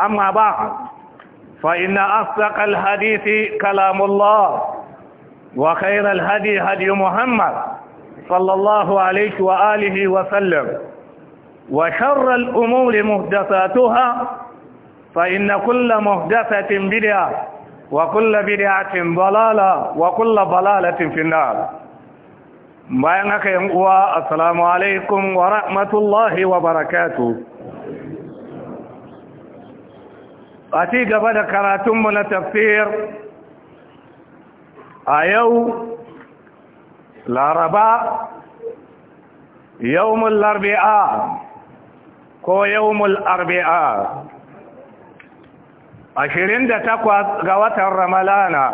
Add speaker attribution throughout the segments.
Speaker 1: أما بعد فإن أصدق الحديث كلام الله وخير الهدي هدي محمد صلى الله عليه وآله وسلم وشر الأمور مهدثاتها فإن كل مهدثة بدعة وكل بدعة ضلالة وكل ضلالة في النار السلام عليكم ورحمة الله وبركاته a ci gaba da karatunmu na tafsir a yau laraba yawmul larbi'a ko yawmul arbi'a ashirin da takwas ga watan ramalana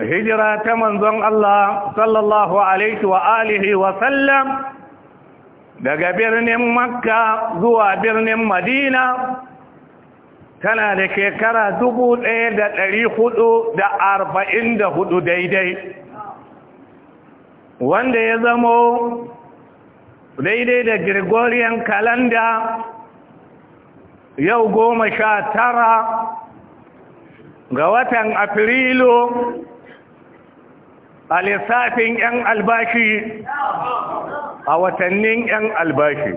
Speaker 1: hijira ta manzon Allah sallallahu alaihi wa alihi wa sallam daga birnin makka zuwa birnin madina tana da shekara dubu ɗaya da ɗari hudu da arba'in da hudu daidai wanda ya zamo daidai da gregorian kalanda yau goma sha tara ga watan afrilu a lissafin 'yan albashi a watannin 'yan albashi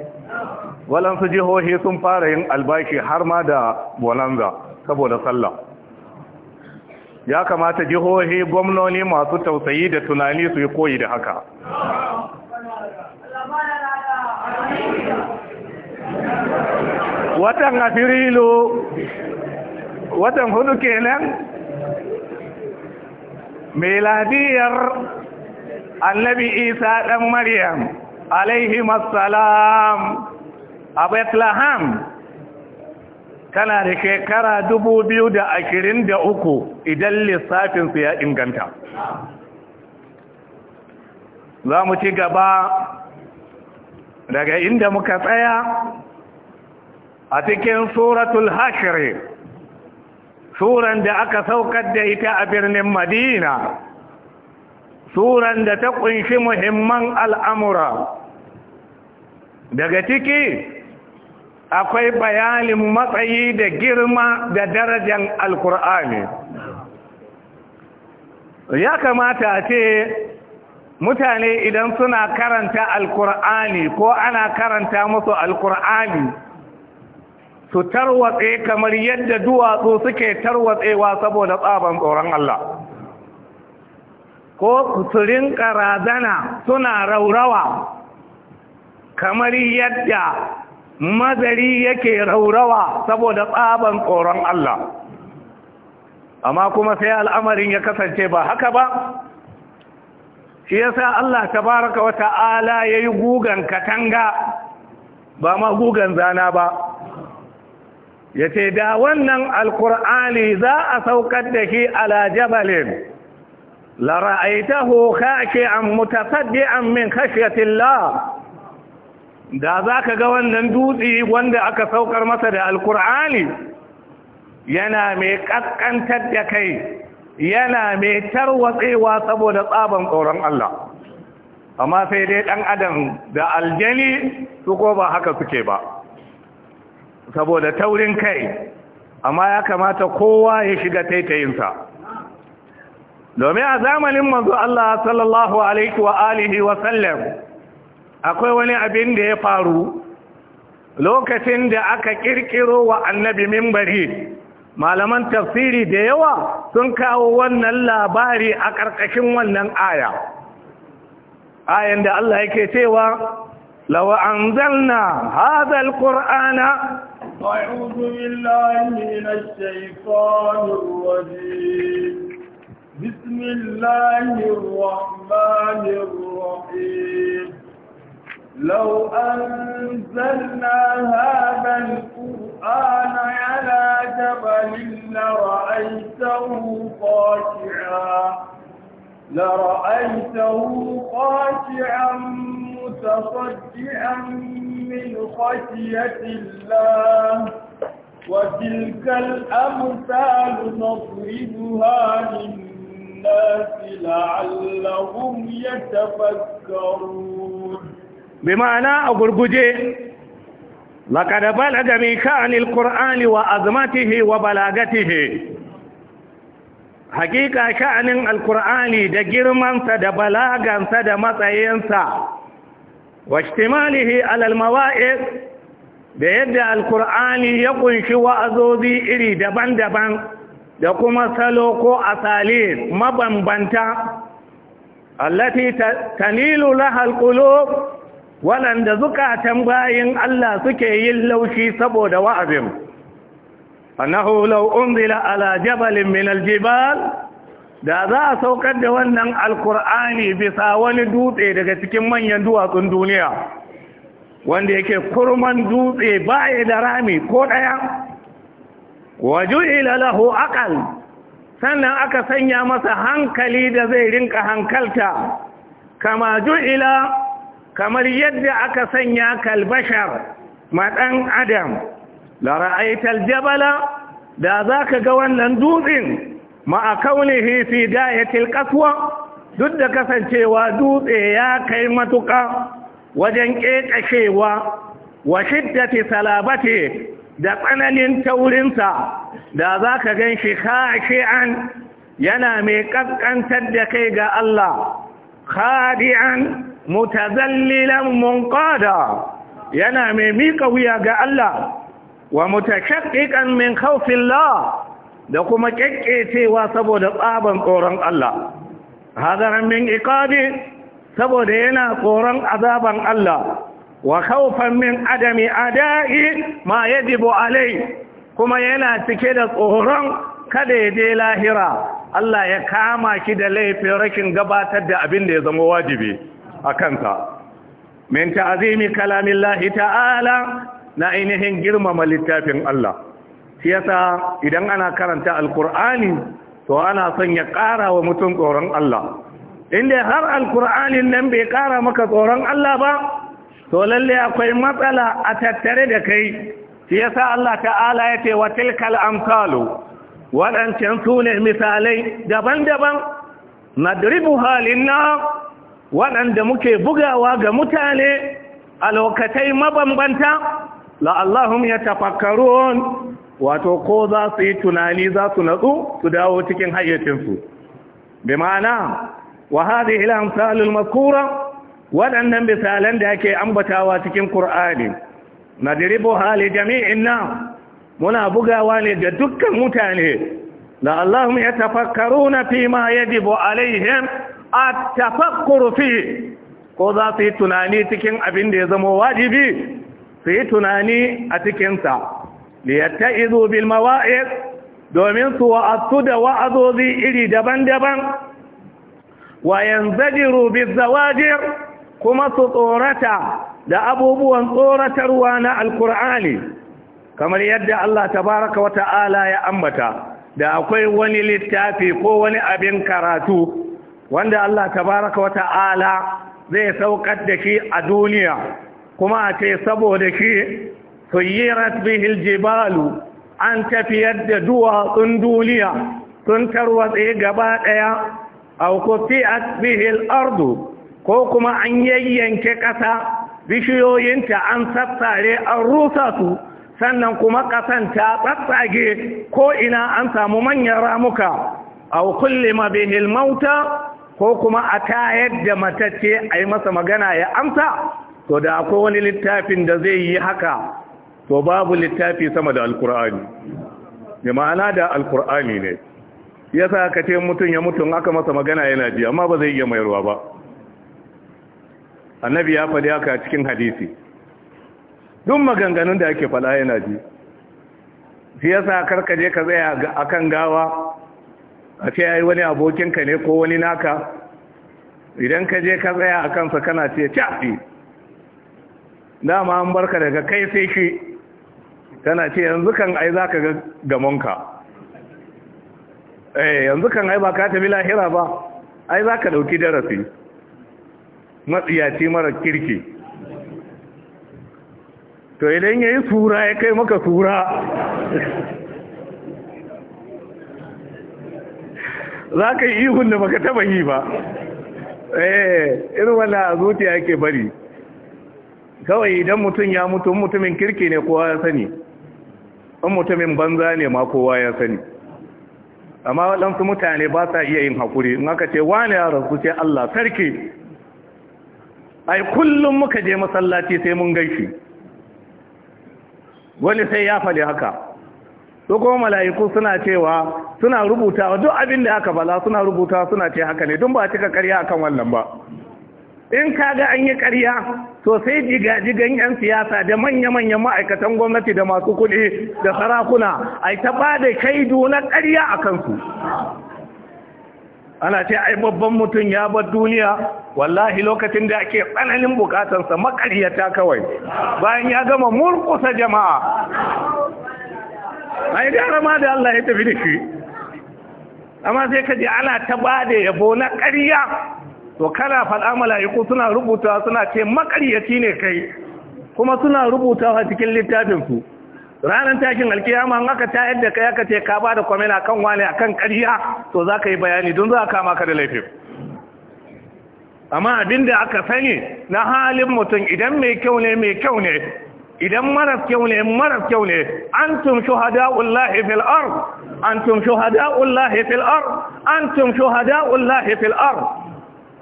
Speaker 1: walansu jihohi sun fara yin albashi har ma da bonanza saboda sallah ya kamata jihohi gwamnoni masu tausayi da tunani su yi koyi da haka
Speaker 2: watan afirilu
Speaker 1: watan hudu kenan miladiyar annabi isa ɗan maryam alaihi salam a bethlehem tana da shekara dubu biyu da da ashirin uku idan lissafinsu ya inganta za mu ci gaba daga inda muka tsaya a cikin suratul hashiri suran da aka saukar da ita a birnin madina suran da ta ƙunshi muhimman al'amura daga ciki akwai bayanin matsayi da girma da darajan alkur'ani ya kamata ce mutane idan suna karanta alkur'ani ko ana karanta musu alkur'ani su tarwatse kamar yadda duwatsu suke tarwatsewa saboda tsaban tsoron Allah ko su rinka razana suna raurawa kamar yadda mazari yake raurawa saboda tsaban tsoron Allah amma kuma sai al'amarin ya kasance ba haka ba shi yasa Allah tabaraka wa ta'ala yayi gugan katanga ba ma gugan zana ba yace da wannan alqur'ani za a saukar da shi ala jabalin la ra'aytahu khashi'an mutasaddian min khashyati Allah da za ka ga wannan dutse wanda aka saukar masa da alkur'ani yana mai ƙasƙantar da kai yana mai tarwatsewa saboda tsaban tsoron Allah amma sai dai ɗan adam da aljani su ko ba haka suke ba saboda taurin kai amma ya kamata kowa ya shiga taitayinsa domin a zamanin manzo Allah sallallahu alaihi wa alihi wa sallam akwai wani abin da ya faru lokacin da aka kirkiro wa annabi mimbari malaman tafsiri da yawa sun kawo wannan labari a ƙarƙashin wannan aya ayan da Allah yake cewa law anzalna hadha alqur'ana
Speaker 3: a'udhu billahi minash shaitanir rajim بسم الله الرحمن الرحيم لو أنزلنا هذا القرآن على جبل لرأيته خاشعا لرأيته خاشعا متصدعا من خشية الله وتلك الأمثال نضربها للناس لعلهم يتفكرون
Speaker 1: bi ma'ana a gurguje laƙada balaga mai ka'anil ƙur'ani wa azmatihi wa balagatihi hakika sha'anin alkur'ani da girmansa da balagansa da matsayinsa wa shtimalihi alal mawa'id da yadda alkur'ani ya ƙunshi wa'azozi iri daban-daban da kuma salo ko asali mabambanta allati tanilu lahal qulub waɗanda zukatan bayin Allah suke yin laushi saboda wa'azin annahu law unzila ala jabalin min aljibal da za a saukar da wannan alkur'ani bisa wani dutse daga cikin manyan duwatsun duniya wanda yake kurman dutse baya da rami ko ɗaya waju'ila lahu aqal sannan aka sanya masa hankali da zai rinka hankalta kama ju'ila kamar yadda aka sanya kalbashar maɗan adam lara'aitar jabala da za ka ga wannan dutsen ma'a kaunihi fi dayatil kaswa duk da kasancewa dutse ya kai matuƙa wajen ƙeƙashewa wa shiddati salabate da tsananin taurinsa da za ka gan shi kashi'an yana mai ƙasƙantar da kai ga Allah khadi'an mutazallilan munqada yana mai mika wuya ga Allah wa mutashaqqiqan min khawfillah da kuma kekkecewa saboda tsaban tsoron Allah hadaran min iqabi saboda yana tsoron azaban Allah wa khawfan min adami ada'i ma yajibu alai kuma yana cike da tsoron kada ya je lahira Allah ya kama ki da laifin rashin gabatar da abin da ya zama wajibi a kansa min ta'azimi kalamillahi ta'ala na ainihin girmama littafin Allah shi yasa idan ana karanta alkur'ani to ana son ya ƙara wa mutum tsoron Allah inda har alkur'anin nan bai ƙara maka tsoron Allah ba to lalle akwai matsala a tattare da kai shi yasa Allah ta'ala ya ce wa tilkal amsalu waɗancan sune misalai daban-daban nadribuha na. waɗanda muke bugawa ga mutane a lokatai mabambanta la'allahum ya tafakkarun wato ko za su yi tunani za su natsu su dawo cikin hayyacinsu bi ma'ana wa hadhi ila amsalul waɗannan misalan da ake ambatawa cikin Na nadribu hali jami'in na muna bugawa ne ga dukkan mutane tafakkaru na fi ma yajibu alaihim at-tafakkuru ko za su yi tunani cikin abin da ya zama wajibi su yi tunani a cikinsa liyatta izu bil mawa'iz domin su wa'azu da wa'azozi iri daban-daban wa yanzajiru bil zawajir kuma su tsorata da abubuwan tsoratarwa na alkur'ani kamar yadda Allah tabaraka wa ta'ala ya ambata da akwai wani littafi ko wani abin karatu wanda Allah tabaraka wa ta'ala zai saukar da shi a duniya kuma a ce saboda shi suyirat bihil jibalu an tafiyar da duwatsun duniya sun tarwatse gaba ɗaya a kufiat bihil ardu ko kuma an yayyanke ƙasa bishiyoyinta an sassare an rusa su sannan kuma ƙasan ta tsatsage ko ina an samu manyan ramuka au lima bihil mauta ko kuma a tayar da matacce a yi masa magana ya amsa to da akwai wani littafin da zai yi haka to babu littafi sama da alkur'ani da ma'ana da alkur'ani ne ya sa ka ce mutum ya mutum aka masa magana yana ji amma ba zai iya mayarwa ba annabi ya faɗi haka cikin hadisi duk maganganun da ake faɗa yana ji shi yasa karka je ka tsaya akan gawa a ce yi wani abokinka ne ko wani naka idan ka je ka tsaya a kansa kana ce caɓi eh. dama an barka daga kai sai shi tana ce yanzu kan ai za ka ga gamonka eh yanzu kan ai ba ka tafi lahira ba ai za ka ɗauki darasi matsiyaci mara kirki to idan ya yi tsura ya kai maka sura. za ka yi ihun da baka taba yi ba eh irin wannan a zuciya yake bari kawai idan mutum ya mutu mutumin kirki ne kowa ya sani in mutumin banza ne ma kowa ya sani amma waɗansu mutane ba sa iya yin haƙuri in aka ce wani ya rasu ce Allah sarki ai kullum muka je masallaci sai mun gaishe wani sai ya faɗi haka to kuma mala'iku suna cewa suna rubutawa duk abin da aka bala suna rubuta suna ce haka ne don ba cika karya akan wannan ba in kaga an yi karya to sai jigajigan yan siyasa da manya-manyan ma'aikatan gwamnati da masu kuɗi da sarakuna a ta ba da kaido na karya a kansu ana ce ai babban mutum ya bar duniya wallahi lokacin da ake tsananin bukatarsa makaryata kawai bayan ya gama murkusa
Speaker 2: jama'a
Speaker 1: ai gara ma da Allah ya tafi da shi amma sai ka ji ana ta ba da yabo na ƙarya to kana faɗa mala'iku suna rubutawa suna ce makaryaci ne kai kuma suna rubutawa cikin littafinsu. ranar takin alkiyama an aka tayar da kai aka ce ka ba da kwamina akan wani akan ƙarya to za ka yi bayani don za ka kama ka da laifin amma abin da aka sani na halin mutum idan mai kyau ne mai kyau ne idan marar kyau ne marar kyau ne antum shuhada'ullahi fil ard antum shuhada'ullahi fil ard antum shuhada'ullahi fil ard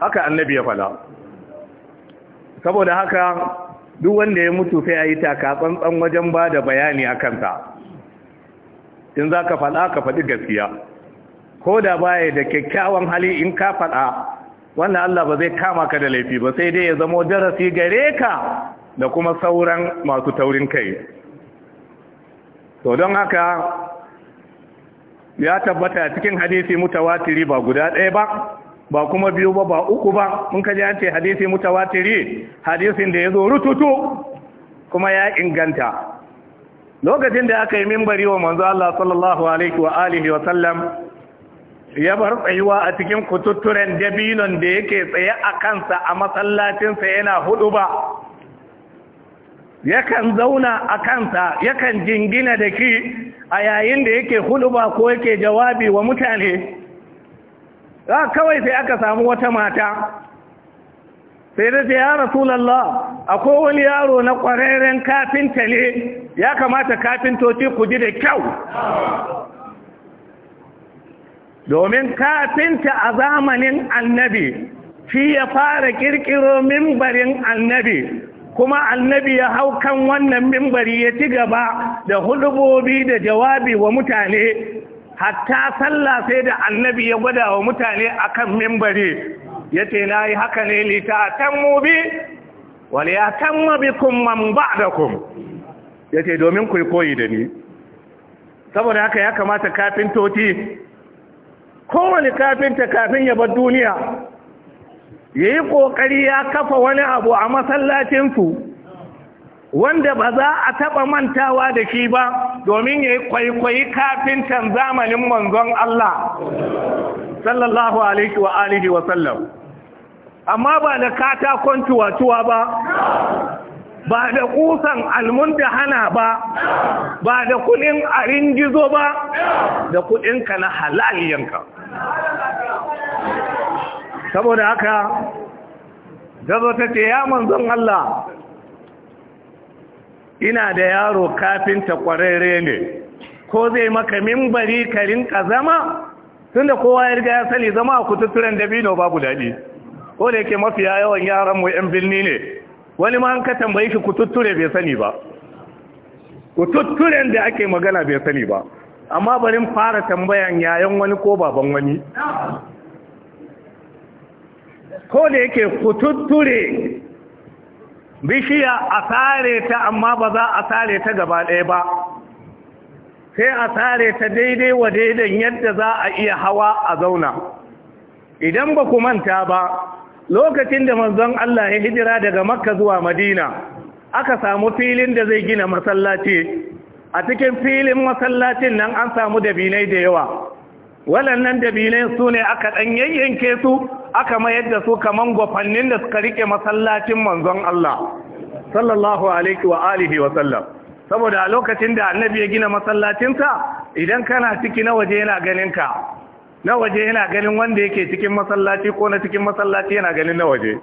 Speaker 1: haka annabi ya fada saboda haka duk wanda ya mutu sai ayi taka tsantsan wajen bada bayani akan sa in zaka fada ka fadi gaskiya ko da baya da kyakkyawan hali in ka fada wannan Allah ba zai kama ka da laifi ba sai dai ya zama darasi gare ka da kuma sauran masu taurin kai to don haka ya tabbata cikin hadisi mutawatiri ba guda ɗaya ba ba kuma biyu ba ba uku ba mun kaji an ce hadisi mutawatiri hadisin da ya zo rututu kuma ya inganta lokacin da aka yi mimbari wa manzo Allah sallallahu alaihi wa alihi wa sallam ya bar tsayuwa a cikin kututturen dabinon da yake tsaye a kansa a masallacinsa yana hudu ba yakan zauna a kansa yakan jingina da ki a yayin da yake huluba ko yake jawabi wa mutane za kawai sai aka samu wata mata sai da ya yara akwai wani yaro na ƙwararren kafinta ne ya kamata kafintoci ku ji da kyau domin kafinta a zamanin annabi shi ya fara kirkiro mimbarin annabi kuma annabi ya hau kan wannan mimbari ya ci gaba da hulubobi da jawabi wa mutane hatta sallah sai da annabi ya gwada wa mutane akan mimbari ya ce na yi haka ne lita tan mubi wani ya tan kun man ba da kun ya ce domin ku koyi da ni saboda haka ya kamata kafin toti kowane kafinta kafin ya bar duniya ya yi ƙoƙari ya kafa wani abu a masallacinsu wanda ba za a taɓa mantawa da shi ba domin ya yi kwaikwayi kafintan zamanin manzon Allah sallallahu alaihi wa alihi wa sallam amma ba da katakon tuwatuwa ba ba da kusan almunda hana ba ba da kuɗin arin gizo ba da kuɗinka na halayyanka saboda haka gazo ta ce ya manzon Allah ina da yaro kafin ta kwararre ne ko zai maka mimbari ka rinka zama tunda kowa ya riga ya sani zama a kututturen dabino babu daɗi ko da yake mafiya yawan yaran mu yan birni ne wani ma an ka tambayi shi kututture bai sani ba kututturen da ake magana bai sani ba amma barin fara tambayan yayan wani ko baban wani ko da yake kututture bishiya a sare ta amma ba za a sare ta gaba ɗaya ba sai a sare ta daidai wa daidan yadda za a iya hawa a zauna idan ba ku manta ba lokacin da manzon Allah ya hijira daga makka zuwa madina aka samu filin da zai gina masallaci a cikin filin masallacin nan an samu dabinai da yawa waɗannan dabinai su ne aka ɗan yayyanke su aka mayar da su kaman gwafannin da suka rike masallacin manzon Allah sallallahu alaihi wa alihi wa sallam saboda a lokacin da annabi ya gina masallacinsa idan kana ciki na waje yana ganin ka na waje yana ganin wanda yake cikin masallaci ko na cikin masallaci yana ganin na waje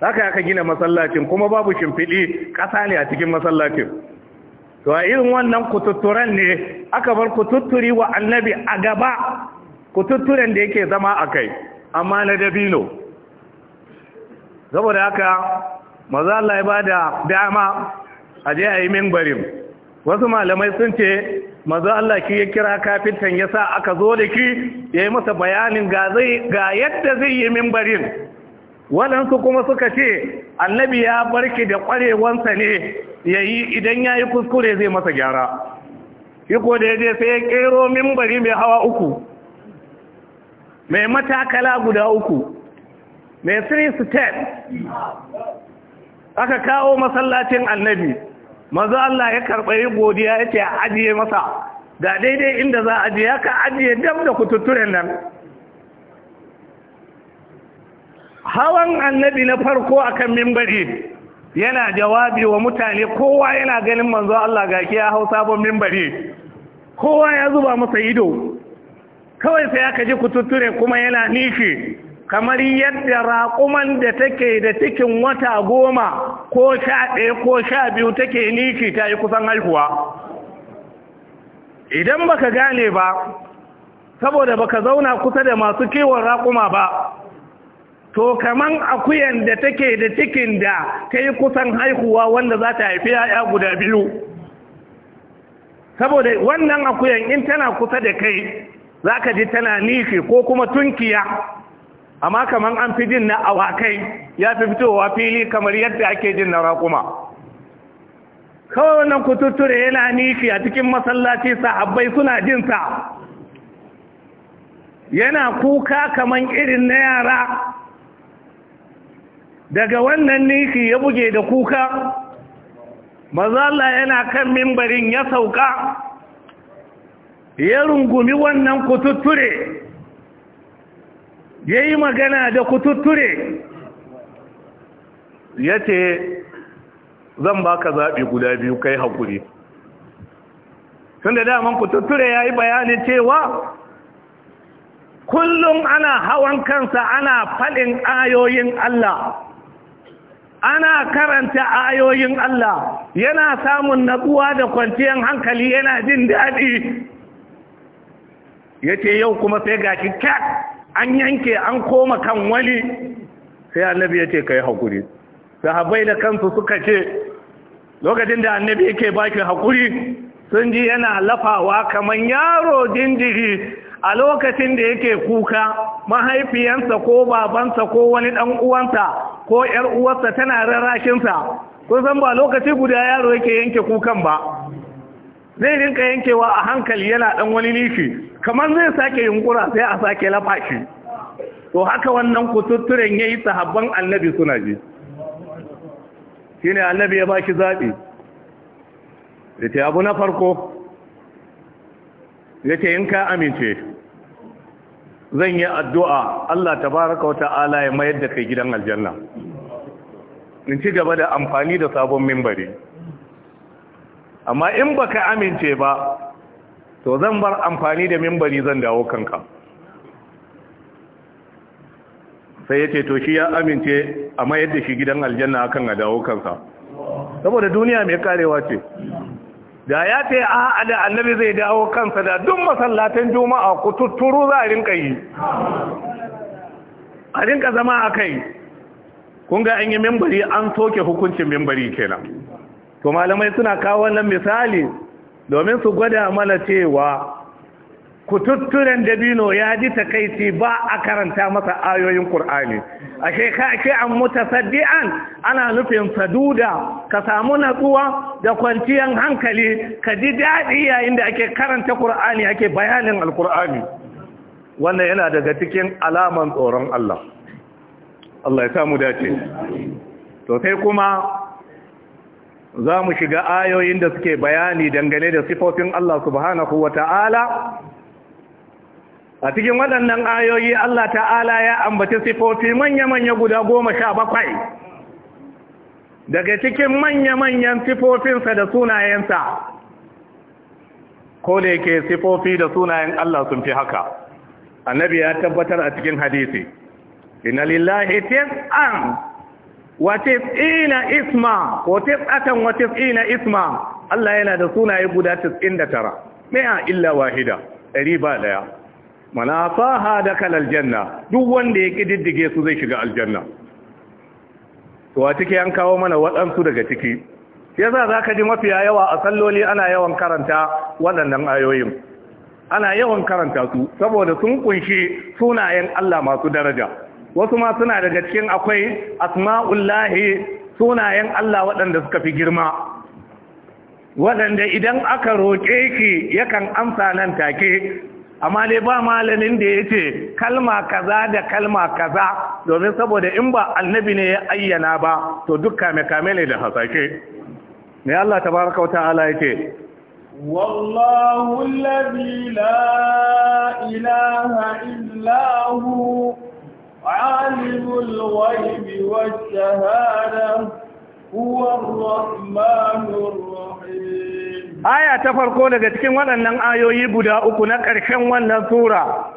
Speaker 1: haka aka gina masallacin kuma babu shimfiɗi ƙasa ne a cikin masallacin to a irin wannan kututturen ne aka bar kututturi wa annabi a gaba kututturen da yake zama a kai amma na dabino saboda haka maza Allah ya ba da dama a je a yi mimbarin wasu malamai sun ce maza Allah ki ya kira kafintan ya sa aka zo da ki ya yi masa bayanin ga yadda zai yi mimbarin waɗansu kuma suka ce annabi ya barki da ƙwarewansa ne ya yi idan ya yi kuskure zai masa gyara iko da ya je sai ya ƙero mimbari mai hawa uku mai matakala guda uku mai three step aka kawo masallacin annabi maza Allah ya karɓari godiya ya ce ajiye masa ga daidai inda za a ajiye ka ajiye dam da kututturen nan hawan annabi na farko akan mimbari yana jawabi wa mutane kowa yana ganin manzo Allah ga ya hau sabon mimbari kowa ya zuba masa ido kawai sai aka ji kututture kuma yana nishi kamar yadda raƙuman da take da cikin wata goma ko sha ɗaya ko sha biyu take nishi ta yi kusan haihuwa idan baka gane ba saboda baka zauna kusa da masu kiwon raƙuma ba to kaman akuyan da take da cikin da ta yi kusan haihuwa wanda za ta haifi ya'ya guda biyu saboda wannan akuyan in tana kusa da kai za ka ji tana nishi ko kuma tunkiya amma kamar an fi jin na awakai ya fi fitowa fili kamar yadda ake jin na raƙuma kawai wannan kututture yana nishi a cikin masallaci sahabbai suna jin sa yana kuka kamar irin na yara daga wannan nishi ya buge da kuka Mazala yana kan mimbarin ya sauka ya rungumi wannan kututture ya yi magana da kututture ya ce zan baka zaɓi guda biyu kai haƙuri tun da daman kututture ya yi bayanin cewa kullum ana hawan kansa ana faɗin ayoyin Allah ana karanta ayoyin Allah yana samun natsuwa da kwanciyar hankali yana jin daɗi ya ce yau kuma sai gashi kyat an yanke an koma kan wani sai annabi ya ce ka yi haƙuri sahabai da kansu suka ce lokacin da annabi yake baki haƙuri sun ji yana lafawa kamar yaro jinjiri a lokacin da yake kuka mahaifiyansa ko babansa ko wani ɗan uwansa ko ‘yar uwarsa tana rarrashinsa kun san ba lokaci guda yaro yake yanke kukan ba zai rinka yankewa a hankali yana ɗan wani nishi kamar zai sake yunkura sai a sake lafashi to haka wannan kututturen ya yi sahabban annabi suna ji shi ne annabi ya ba shi zaɓi da ce abu na farko ya ce in ka amince zan yi addu'a Allah ta baraka wata ala ya mayar da kai gidan aljanna in ci gaba da amfani da sabon mimbari amma in ba ka amince ba to zan bar amfani da mimbari zan dawo kanka sai ya ce to shi ya amince a mayar shi gidan aljanna akan a dawo kansa saboda duniya mai karewa ce da ya ce a da annabi zai dawo kansa da duk masallatan juma'a ku tutturu za a rinka yi a rinka zama a kai kun ga an yi mimbari an soke hukuncin mimbari kenan to malamai suna kawo wannan misali domin su gwada mana cewa kututtunan dabino ya ji takaici ba a karanta masa ayoyin ƙur'ani a shekaki an ana nufin saduda ka samu natsuwa da kwanciyar hankali ka ji daɗi yayin da ake karanta ƙur'ani ake bayanin alƙur'ani wannan yana daga cikin alaman tsoron Allah Allah ya samu dace to sai kuma za mu shiga ayoyin da suke bayani dangane da sifofin Allah subhanahu wa ta'ala a cikin waɗannan ayoyi Allah ta'ala ya ambaci sifofi manya-manya guda goma sha bakwai daga cikin manya-manyan sifofinsa da sunayensa ko da yake sifofi da sunayen Allah sun fi haka annabi ya tabbatar a cikin hadisi inna lillahi tis'an watis'ina isma ko tis'atan na isma Allah yana da sunaye guda da 99 a illa wahida ɗari ba ɗaya mana da kan aljanna duk wanda ya ƙididdige su zai shiga aljanna to a ciki an kawo mana waɗansu daga ciki ya za za ka ji mafiya yawa a salloli ana yawan karanta waɗannan ayoyin ana yawan karanta su saboda sun kunshi sunayen Allah masu daraja wasu ma suna daga cikin akwai asma'ullahi sunayen Allah waɗanda suka fi girma waɗanda idan aka roƙe ki yakan amsa nan take amma dai ba malamin da ya ce kalma kaza da kalma kaza domin saboda in ba annabi ne ya ayyana ba to duk kame-kame ne da hasake. ne Allah tabaraka wa ta'ala yake
Speaker 3: والله الذي لا إله إلا هو الغيب والشهادة هو الرحمن الرحيم آية ayoyi
Speaker 1: guda تكين na آيو يبدا أكنا كرشن ولن سورة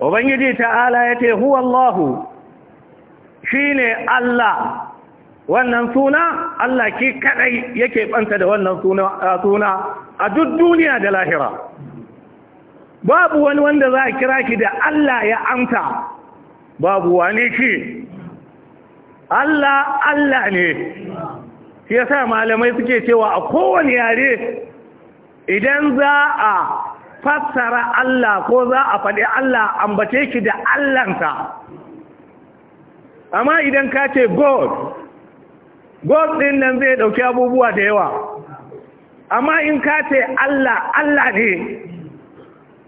Speaker 1: وبنجي تعالى يتي هو الله شيني الله wannan suna Allah ke kadai yake banta da wannan suna a duk duniya da lahira babu wani wanda za a kira ki da Allah ya amsa
Speaker 3: babu wane shi
Speaker 1: Allah Allah ne shi sa malamai suke cewa a kowane yare idan za a fassara Allah ko za a faɗi Allah ambace shi da Allahnta amma idan ka ce God God ɗin nan zai ɗauki abubuwa da yawa amma in ka ce Allah Allah ne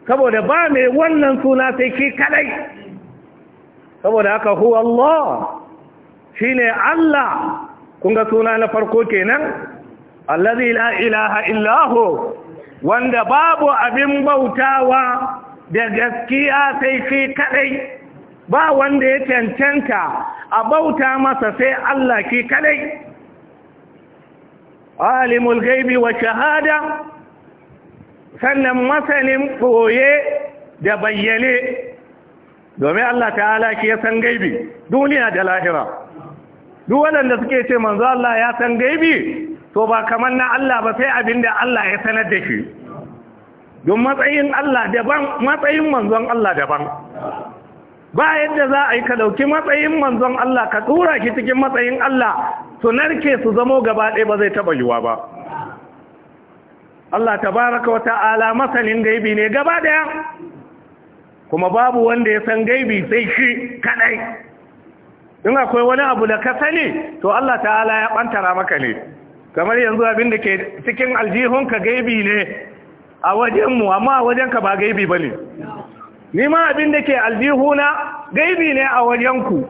Speaker 1: saboda ba mai wannan suna sai ke kadai saboda haka huwa Allah shine Allah kun ga suna na farko kenan allazi la ilaha illahu wanda babu abin bautawa da gaskiya sai shi kadai ba wanda ya cancanta a bauta masa sai Allah ki kadai alimul gaibi wa shahada sannan masanin koye da bayyane domin Allah ta'ala shi ya san gaibi duniya da lahira duk waɗanda suke ce manzo Allah ya san gaibi to ba kamar na Allah ba sai abin da Allah ya sanar da shi don matsayin Allah daban matsayin manzon Allah daban ba yadda za a yi ka ɗauki matsayin manzon Allah ka tura ki cikin matsayin Allah su narke su zamo gaba ɗaya ba zai taɓa yiwa ba Allah tabaraka wa ta'ala masanin gaibi ne gaba ɗaya kuma babu wanda ya san gaibi sai
Speaker 3: shi kadai
Speaker 1: in akwai wani abu da ka sani to Allah ta'ala ya bantara maka ne kamar yanzu abin da ke cikin aljihunka gaibi ne a wajenmu amma a wajenka ba gaibi ba ne ni ma abin da ke aljihuna gaibi ne a wajenku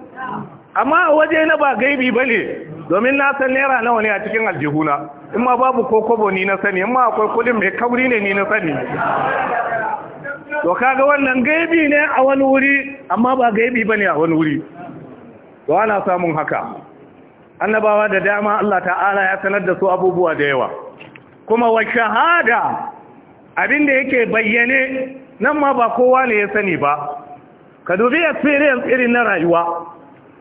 Speaker 1: amma a waje na ba gaibi ba ne domin na san naira nawa ne a cikin aljihuna in ma babu ko kobo ni na sani in ma akwai kudin mai kauri ne ni na sani to kaga wannan gaibi ne a wani wuri amma ba gaibi bane a wani wuri to ana samun haka annabawa da dama Allah ta'ala ya sanar da su abubuwa da yawa kuma wa shahada abinda yake bayyane nan ma ba kowa ne ya sani ba ka dubi experience irin na rayuwa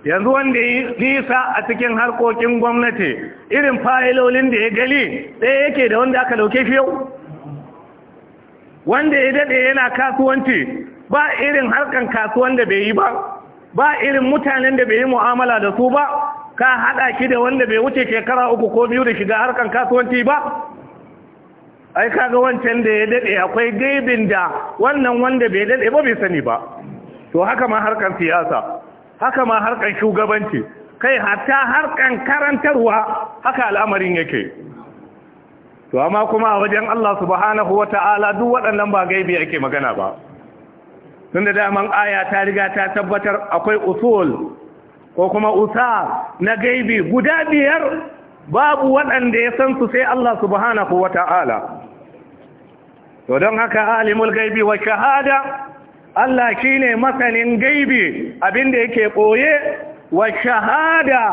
Speaker 1: yanzu wanda yi nisa a cikin harkokin gwamnati irin fayilolin da ya gali ɗaya yake da wanda aka dauke shi yau wanda ya daɗe yana kasuwanci ba irin harkan kasuwan da bai yi ba ba irin mutanen da bai yi mu'amala da su ba ka haɗa ki da wanda bai wuce shekara uku ko biyu da shiga harkan kasuwanci ba ai kaga wancan da ya daɗe akwai gaibin da wannan wanda bai daɗe ba bai sani ba to haka ma harkan siyasa haka ma harkan shugabanci kai hatta harkan karantarwa haka al'amarin yake to amma kuma a wajen Allah subhanahu wa ta'ala duk waɗannan ba gaibi ake magana ba tun da daman aya ta riga ta tabbatar akwai usul ko kuma usa na gaibi guda biyar babu waɗanda ya san su sai Allah subhanahu wa ta'ala to don haka alimul gaibi wa shahada Allah shine masanin gaibi abinda yake ɓoye wa shahada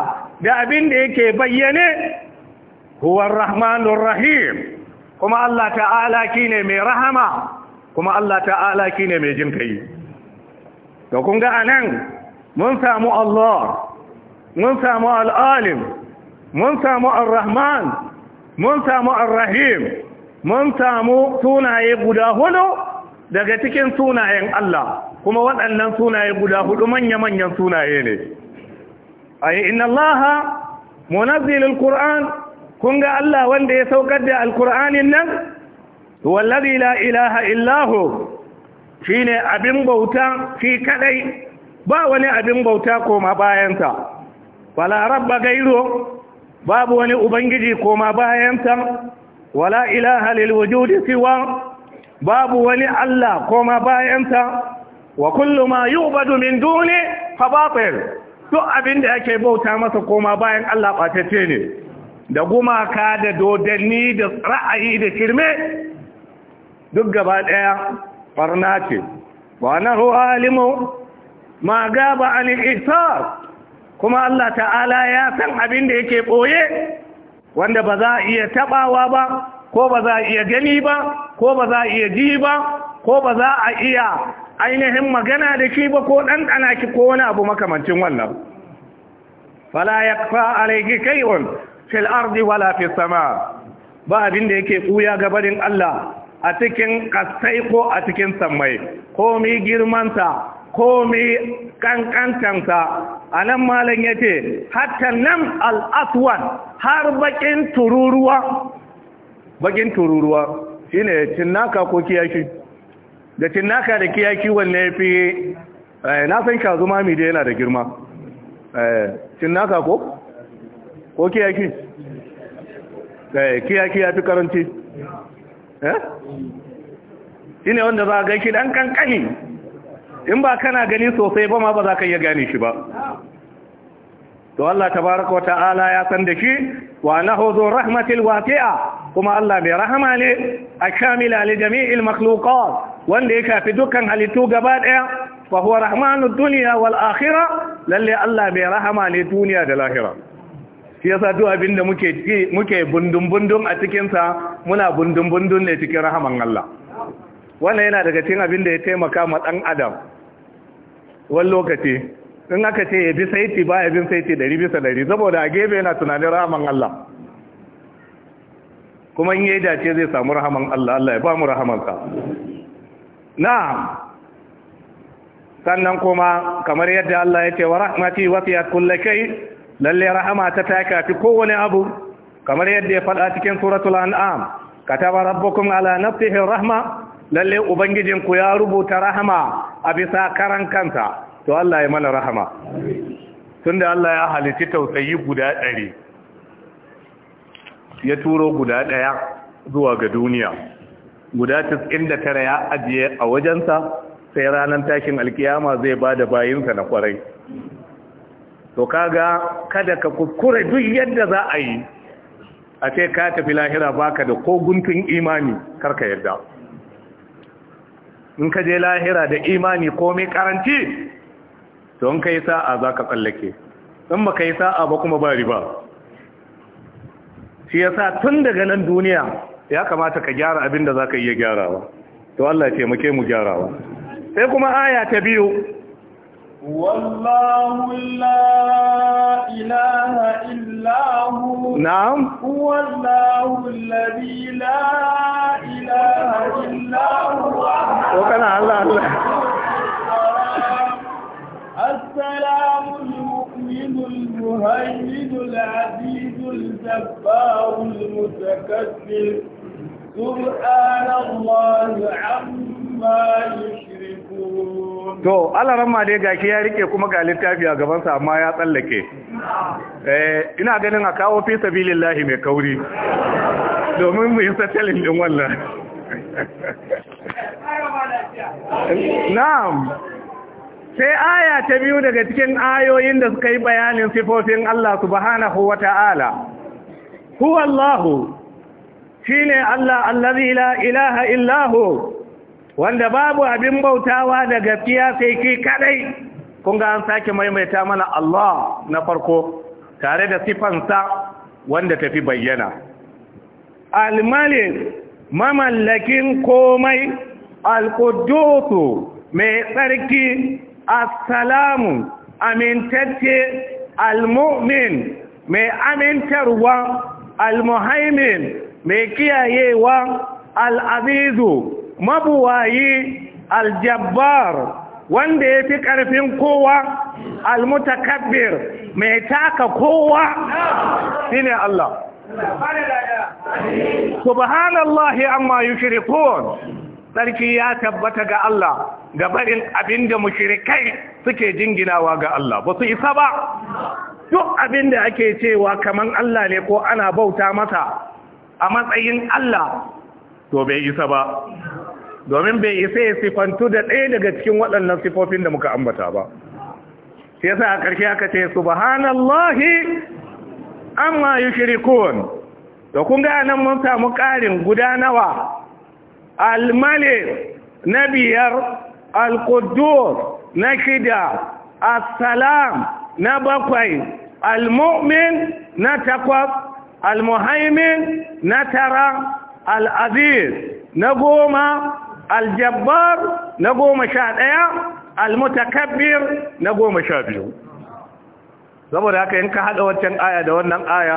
Speaker 1: da abinda yake bayyane huwa rahmanur rahim kuma Allah ta'ala kine mai rahama kuma Allah ta'ala kine mai jin kai to kun ga anan mun samu Allah mun samu al-alim mun samu ar-rahman mun samu ar-rahim mun samu sunaye guda hudu daga cikin sunayen Allah kuma waɗannan sunaye guda hudu manya-manyan sunaye ne ayi inna allaha munazzilul qur'an kun ga Allah wanda ya saukar da alkur'anin nan wallazi la ilaha illahu shine abin bauta shi kadai ba wani abin bauta koma bayansa wala rabba gairo babu wani ubangiji koma bayansa wala ilaha lil wujudi siwa babu wani Allah koma bayansa wa kullu ma yu'badu min duni fa batil duk abin da yake bauta masa koma bayan Allah batacce ne da gumaka da dodanni da ra'ayi da kirme duk gaba ɗaya farna ce wa na alimu ma gaba an isa kuma Allah ta'ala ya san abin da yake ɓoye wanda ba za a iya taɓawa ba ko ba za a iya gani ba ko ba za a iya ji ba ko ba za a iya ainihin magana da shi ba ko ɗanɗana ki ko wani abu makamancin wannan fala ya fa alaiki kai'un fil ardi wala fi sama ba abin da yake kuya gabarin Allah a cikin kasai ko a cikin sammai komi girmanta komi kankantanta a nan malam ya ce hatta nan al'aswan har bakin tururuwa bakin tururuwa shi ne cinnaka ko kiyaki? da cinnaka da kiyaki wanne fi eh, na san shazuma mi da yana da girma eh, cinnaka ko ko kiyaki
Speaker 2: Eh, kiyaki ya fi karanci
Speaker 1: eh? shi ne wanda za a gaiki dan kankani in ba kana gani sosai ba ma ba za ka iya gane shi ba to Allah tabaraka wa ta'ala ya san da shi wa nahu zu rahmatil wasi'a kuma Allah bai rahama ne akamila li jami'il makhluqat wanda ya shafi dukkan halittu gaba daya fa huwa rahmanud dunya wal akhirah lalle Allah bai rahama ne duniya da lahira shi yasa duk abin da muke muke bundun-bundun a cikinsa muna bundun-bundun ne cikin rahaman Allah wannan yana daga cikin abin da ya taimaka ma ɗan adam wani lokaci in aka ce ya bi saiti ba ya bin saiti dari bisa dari saboda a gefe yana tunanin rahaman Allah kuma in yi dace zai samu rahaman Allah Allah ya ba mu rahamansa na'am sannan kuma kamar yadda Allah ya ce wa rahmati wasiyat kullakai lalle rahama ta ta kafi kowane abu kamar yadda ya faɗa cikin suratul an'am kataba rabbukum ala nafsihi rahma lalle ubangijin ku ya rubuta rahama a bisa karan kanta to Allah ya mana rahama tunda Allah ya halitta tausayi guda ɗari ya turo guda ɗaya zuwa ga duniya guda 99 ya ajiye a wajensa sai ranar takin alkiyama zai ba da bayinsa na kwarai to kaga kada ka kuskure duk yadda za a yi a ce ka tafi lahira baka da ko guntun imani karka yadda in ka je lahira da imani ko mai karanci to in ka yi sa'a za ka tsallake in ba ka yi sa'a ba kuma ba riba shi ya sa tun daga nan duniya ya kamata ka gyara abin da za ka iya gyarawa to Allah ce muke mu gyarawa
Speaker 3: sai kuma aya ta biyu والله لا إله إلا هو نعم هو الله الذي لا إله إلا هو وكان الله الله السلام المؤمن المهيمن العزيز الجبار المتكبر سبحان الله عما يشاء to
Speaker 1: ramma dai gashi ya rike kuma ga littafi a gabansa amma ya tsallake eh, ina ganin a kawo fi lahi mai kauri domin mu yi sattalin ɗin wannan na'am sai aya ta biyu daga cikin ayoyin da suka yi bayanin sifofin Allah subhanahu wa ta'ala Huwallahu, shi ne Allah Allah la ilaha illahu wanda babu abin bautawa da gaskiya sai ki kadai kun ga an sake maimaita mana Allah na farko tare da sifansa wanda tafi bayyana al-malik mamallakin komai al-quddus mai tsarki assalamu amintacce al-mu'min mai amintarwa al-muhaimin mai kiyayewa al-azizu mabuwayi aljabbar wanda ya fi ƙarfin kowa almutakabbir mai taka kowa ne Allah subhanallahi amma yushrikun tsarki ya tabbata ga Allah ga barin abinda mushrikai suke jinginawa ga Allah ba su isa ba duk abinda ake cewa kaman Allah ne ko ana bauta masa a matsayin Allah to bai isa ba domin bai isa ya sifantu da ɗaya daga cikin waɗannan sifofin da muka ambata ba sai yasa a ƙarshe aka ce subhanallahi amma yushrikun to kun ga nan mun samu ƙarin guda nawa Al-Malik na biyar alquddus na shida As-Salam na bakwai almu'min na takwas almuhaimin na tara Al-Aziz na goma aljabbar na goma sha ɗaya almutakabbir na goma sha biyu saboda haka in ka haɗa wancan aya da wannan aya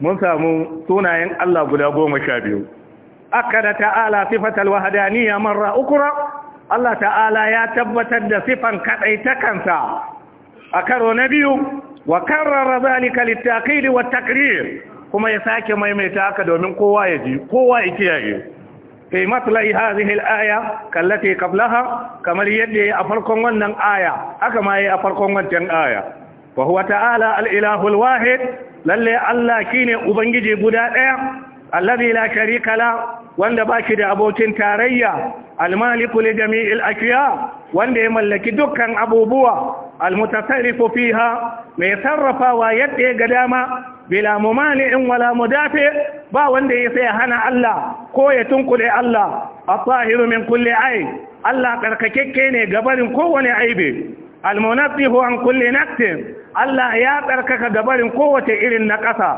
Speaker 1: mun samu sunayen Allah guda goma sha biyu da ta'ala sifatal wahdaniyya marra ukra Allah ta'ala ya tabbatar da sifan kadaitakansa a karo na biyu wa karrara zalika littaqid wa takrir kuma ya sake maimaita haka domin kowa ya ji kowa ya kiyaye في مثل هذه الآية كالتي قبلها كما يدي أفركم ونن آية أكما يأفركم ونن آية وهو تعالى الإله الواحد للي الله كيني أبنجي بدائع الذي لا شريك له وان باكي دي أبوتين تاريا المالك لجميع الأشياء وان دي ملك دكا أبو بوا المتصرف فيها ميصرف ويدي قداما بلا ممانع ولا مدافع ba wanda ya sai hana Allah ko ya tunkule Allah at-tahiru min kulli ai, Allah tsarkakekke ne gabarin kowane aibe al an kulle naqsin Allah ya tsarkaka gabarin kowace irin na ƙasa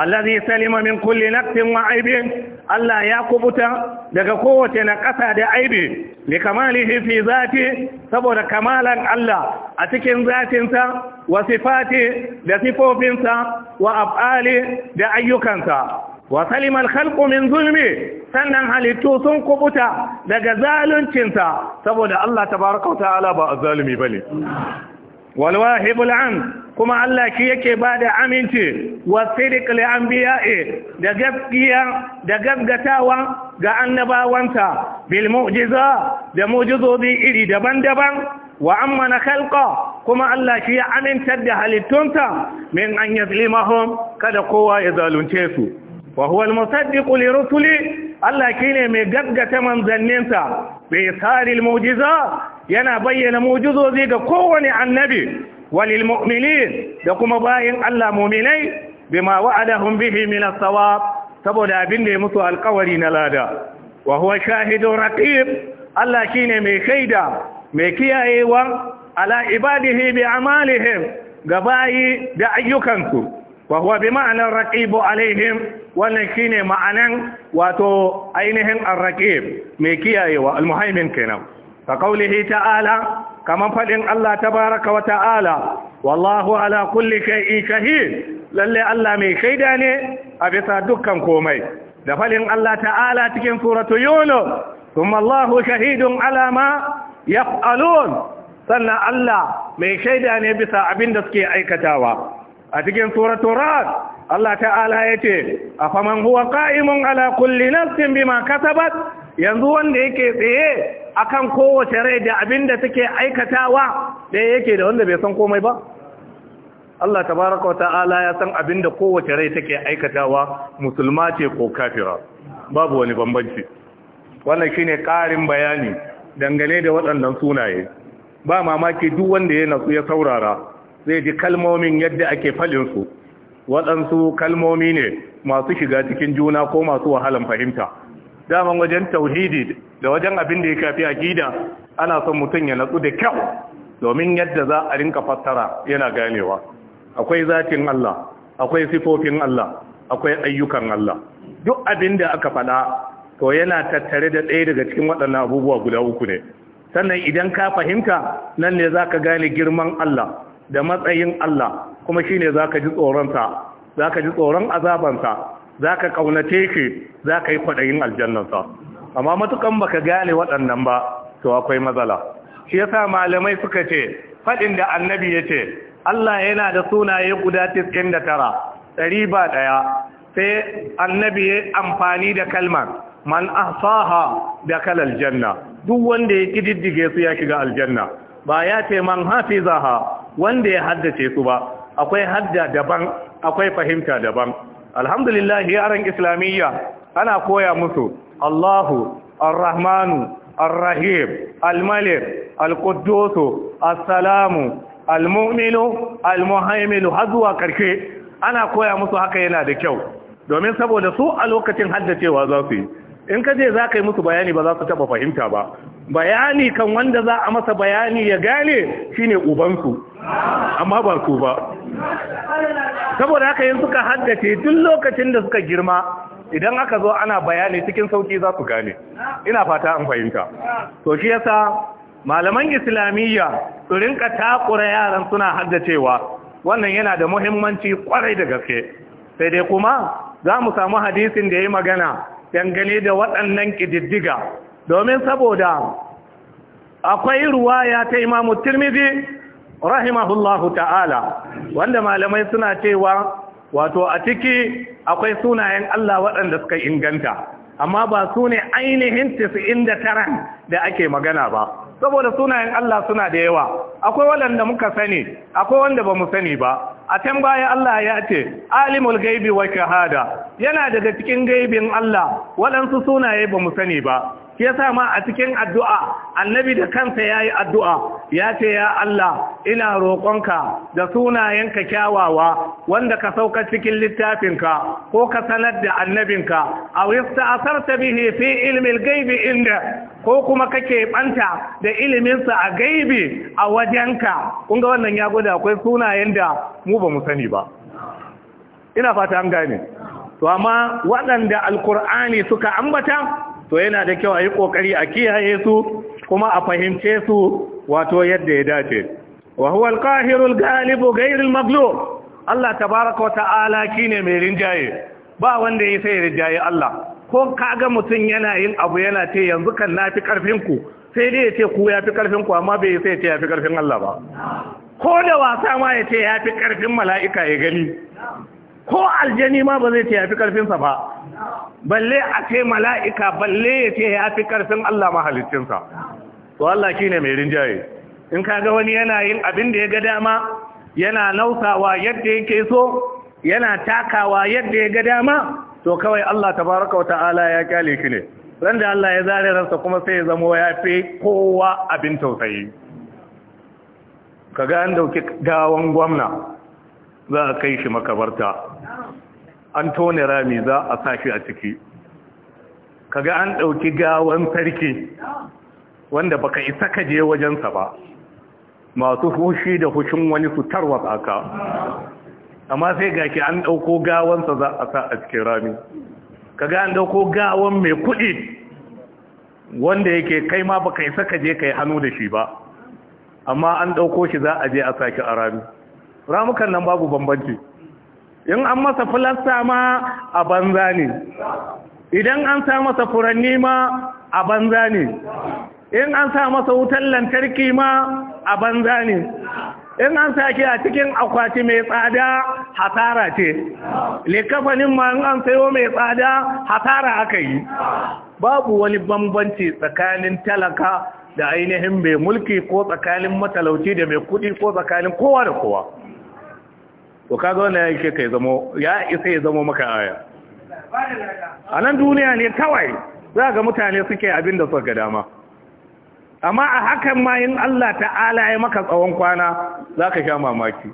Speaker 1: allazi salima min kulle naqsin wa aibin Allah ya kubuta daga kowace na ƙasa da aibi da kamalihi fi zafi saboda kamalan Allah a cikin zafinsa wa sifati da sifofinsa wa af'ali da ayyukansa wa salimal khalqu min zulmi sannan halittu sun kubuta daga zaluncinsa saboda Allah tabaraka wa ala ba ba bane walwahibul am kuma Allah shi yake bada aminci wa sidqil anbiya'i da gaskiya da gaggatawa ga annabawanta bil mu'jiza da mujizobi iri daban-daban wa amana khalqa kuma Allah shi ya amintar da halittunta min an yazlimahum kada kowa ya zalunce su wa huwa al-musaddiq li rusuli Allah kine mai gaggata manzanninsa bi isaril mu'jiza yana bayyana mujizozi ga kowane annabi walil mu'minin da kuma bayin Allah mu'minai bima wa'adahum bihi min as-sawab saboda abin da ya mutu alƙawari na lada wa huwa shahidun raqib Allah shine mai shaida mai kiyayewa ala ibadihi bi amalihim gabayi da ayyukansu wa huwa bi ma'anar raqibu alaihim wannan shine ma'anan wato ainihin ar-raqib mai kiyayewa al-muhaimin kenan ka ta'ala kamar faɗin Allah tabaraka wa ta'ala wallahu ala kulli shay'in shahid Lallai Allah mai shaida ne a bisa dukkan komai da faɗin Allah ta'ala cikin suratu yunus thumma Allahu shahidun ala ma yaf'alun sannan Allah mai shaida ne bisa abin da suke aikatawa a cikin suratu rad Allah ta'ala yace afaman huwa qa'imun ala kulli nafsin bima kasabat yanzu wanda yake tsaye akan kowace rai da abin da take aikatawa ɗaya yake da wanda bai san komai ba Allah tabaraka wa ta'ala ya san abin da kowace rai take aikatawa musulma ce ko kafira babu wani bambanci wannan shine ƙarin bayani dangane da waɗannan sunaye ba mamaki duk wanda ya nasu ya saurara zai ji kalmomin yadda ake su waɗansu kalmomi ne masu shiga cikin juna ko masu wahalan fahimta daman wajen tauhidi da wajen abin da ya kafi akida ana son mutum ya natsu da kyau domin yadda za a rinka fassara yana ganewa akwai zatin Allah akwai sifofin Allah akwai ayyukan Allah duk abin da aka faɗa to yana tattare da ɗaya daga cikin waɗannan abubuwa guda uku ne sannan idan ka fahimta nan ne zaka gane girman Allah da matsayin Allah kuma shine zaka ji tsoronsa zaka ji tsoron azabansa za ka ƙaunace shi za ka yi kwaɗayin aljannansa amma matukan ka gane waɗannan ba to akwai matsala shi yasa malamai suka ce faɗin da annabi ya ce Allah yana da sunaye guda da tara, ɗari ba ɗaya sai annabi ya amfani da kalmar man ahsaha da kal aljanna. duk wanda ya kididdige su ya shiga aljanna ba ya ce man hafizaha wanda ya haddace su ba akwai hadda daban akwai fahimta daban alhamdulillah yaran islamiyya ana koya musu Allahu arrahmanu arrahim almalik rahim al almuminu Al-Quddus Al-Mu'minu al har zuwa karshe ana koya musu haka yana da kyau domin saboda su a lokacin haddacewa za su yi in ka je za ka yi musu bayani ba za su taba fahimta ba bayani kan wanda za a masa bayani ya gane shine ubansu amma ba su ba saboda haka yin suka haddace tun lokacin da suka girma idan aka zo ana bayani cikin sauki za su gane ina fata an fahimta to shi yasa malaman islamiyya su rinka takura yaran suna haddacewa wannan yana da muhimmanci kwarai da gaske sai dai kuma za mu samu hadisin da ya yi magana dangane da waɗannan ƙididdiga domin saboda akwai ruwaya ta imamu tirmidhi rahimahullahu ta'ala wanda malamai suna cewa wato a ciki akwai sunayen Allah waɗanda suka inganta amma ba su ne ainihin 99 da ake magana ba saboda sunayen Allah suna da yawa akwai waɗanda muka sani akwai wanda ba mu sani ba a can baya Allah ya ce alimul gaibi wa shahada yana daga cikin gaibin Allah waɗansu sunaye ba mu sani ba shi yasa ma a cikin addu'a annabi da kansa yayi addu'a ya ce ya Allah ina roƙonka da sunayenka kyawawa wanda ka sauka cikin littafinka ko ka sanar da annabinka aw yasta'sarta bihi fi ilmi al inda ko kuma kake banta da iliminsa a gaibi a wajenka kun ga wannan ya gwada akwai sunayen da mu ba mu sani ba ina fata an gane to amma waɗanda alkur'ani suka
Speaker 3: ambata
Speaker 1: to yana da kyau a yi ƙoƙari a kiyaye su kuma a fahimce su wato yadda ya dace wa huwa al-qahirul galibu ghayrul maghlub Allah tabaaraka wata'ala kine mai rinjaye ba wanda ya sai rinjaye Allah ko kaga mutun yana yin abu yana ce yanzu kan nafi karfin ku sai dai ya ce ku yafi karfin ku amma bai sai ya ce yafi karfin Allah ba ko da wasa ma ya ce yafi karfin mala'ika ya gani ko aljani ma ba zai ce yafi karfin sa ba balle a ce mala'ika balle ya ce ya fi ƙarfin Allah mahalicinsa to Allah shi ne mai rinjaye in ka ga wani yana yin abin da ya ga dama yana nausawa yadda yake so yana takawa yadda ya ga dama to kawai Allah tabaraka wa ta'ala ya kyale shi ne ran da Allah ya zare ransa kuma sai ya zamo ya fi kowa abin tausayi Ka ga an dauki gawan gwamna za a kai shi makabarta an tone rami za a sashi a ciki kaga an ɗauki gawan sarki wanda baka isa ka je wajensa ba masu hushi da hushin wani su tarwa tsaka amma sai gaki an ɗauko gawansa za a sa a cikin rami kaga an ɗauko gawan mai kuɗi wanda yake kai ma baka isa ka je kai hannu da shi ba amma an ɗauko shi za a je a sashi a rami ramukan nan babu bambanci in an masa filasta ma a banza ne idan an sa masa furanni ma a banza ne in an sa masa wutar lantarki ma a banza ne in an sake a cikin akwati mai tsada hasara ce likafanin ma in an sayo mai tsada hasara aka yi babu wani bambanci tsakanin talaka da ainihin mai mulki ko tsakanin matalauci da mai kudi ko tsakanin kowa da kowa to kaga wannan ya ka zamo ya isa ya zamo maka aya a nan duniya ne kawai za ga mutane suke abin da suka dama amma a hakan ma in Allah ta'ala ya maka tsawon kwana za ka sha mamaki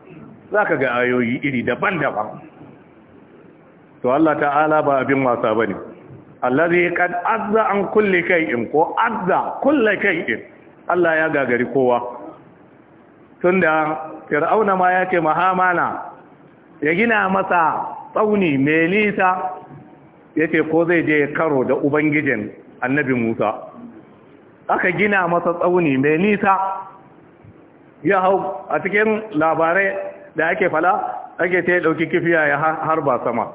Speaker 1: za ka ga ayoyi iri daban-daban to Allah ta'ala ba abin wasa ba ne allazi kad azza an kulle kai'in ko azza kulle kai'in Allah ya gagari kowa tunda fir'auna ma ya ce mahamana ya gina masa tsauni mai nisa ya ce ko zai je karo da ubangijin annabi musa aka gina masa tsauni mai nisa ya hau a cikin labarai da ake fala ake ta ya ɗauki kifiya ya harba sama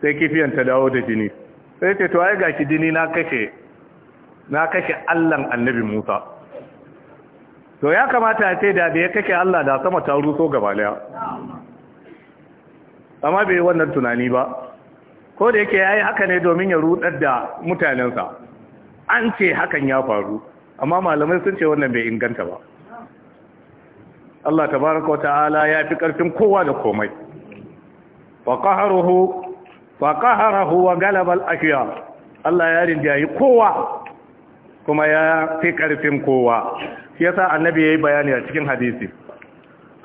Speaker 1: sai kifiyan ta dawo da jini sai ce to ai ga shi jini na kashe na kashe allan annabi musa to ya kamata ya ce da bai kashe allah da sama ta ruso gabaliya amma bai wannan tunani ba ko da yake yayi haka ne domin ya rudar da mutanensa an ce hakan ya faru amma malamai sun ce wannan bai inganta ba Allah tabaraka ta'ala ya fi karfin kowa da komai wa qaharuhu wa qaharahu wa galaba al-ashya Allah ya rinjayi kowa kuma ya fi karfin kowa shi yasa annabi yayi bayani a cikin hadisi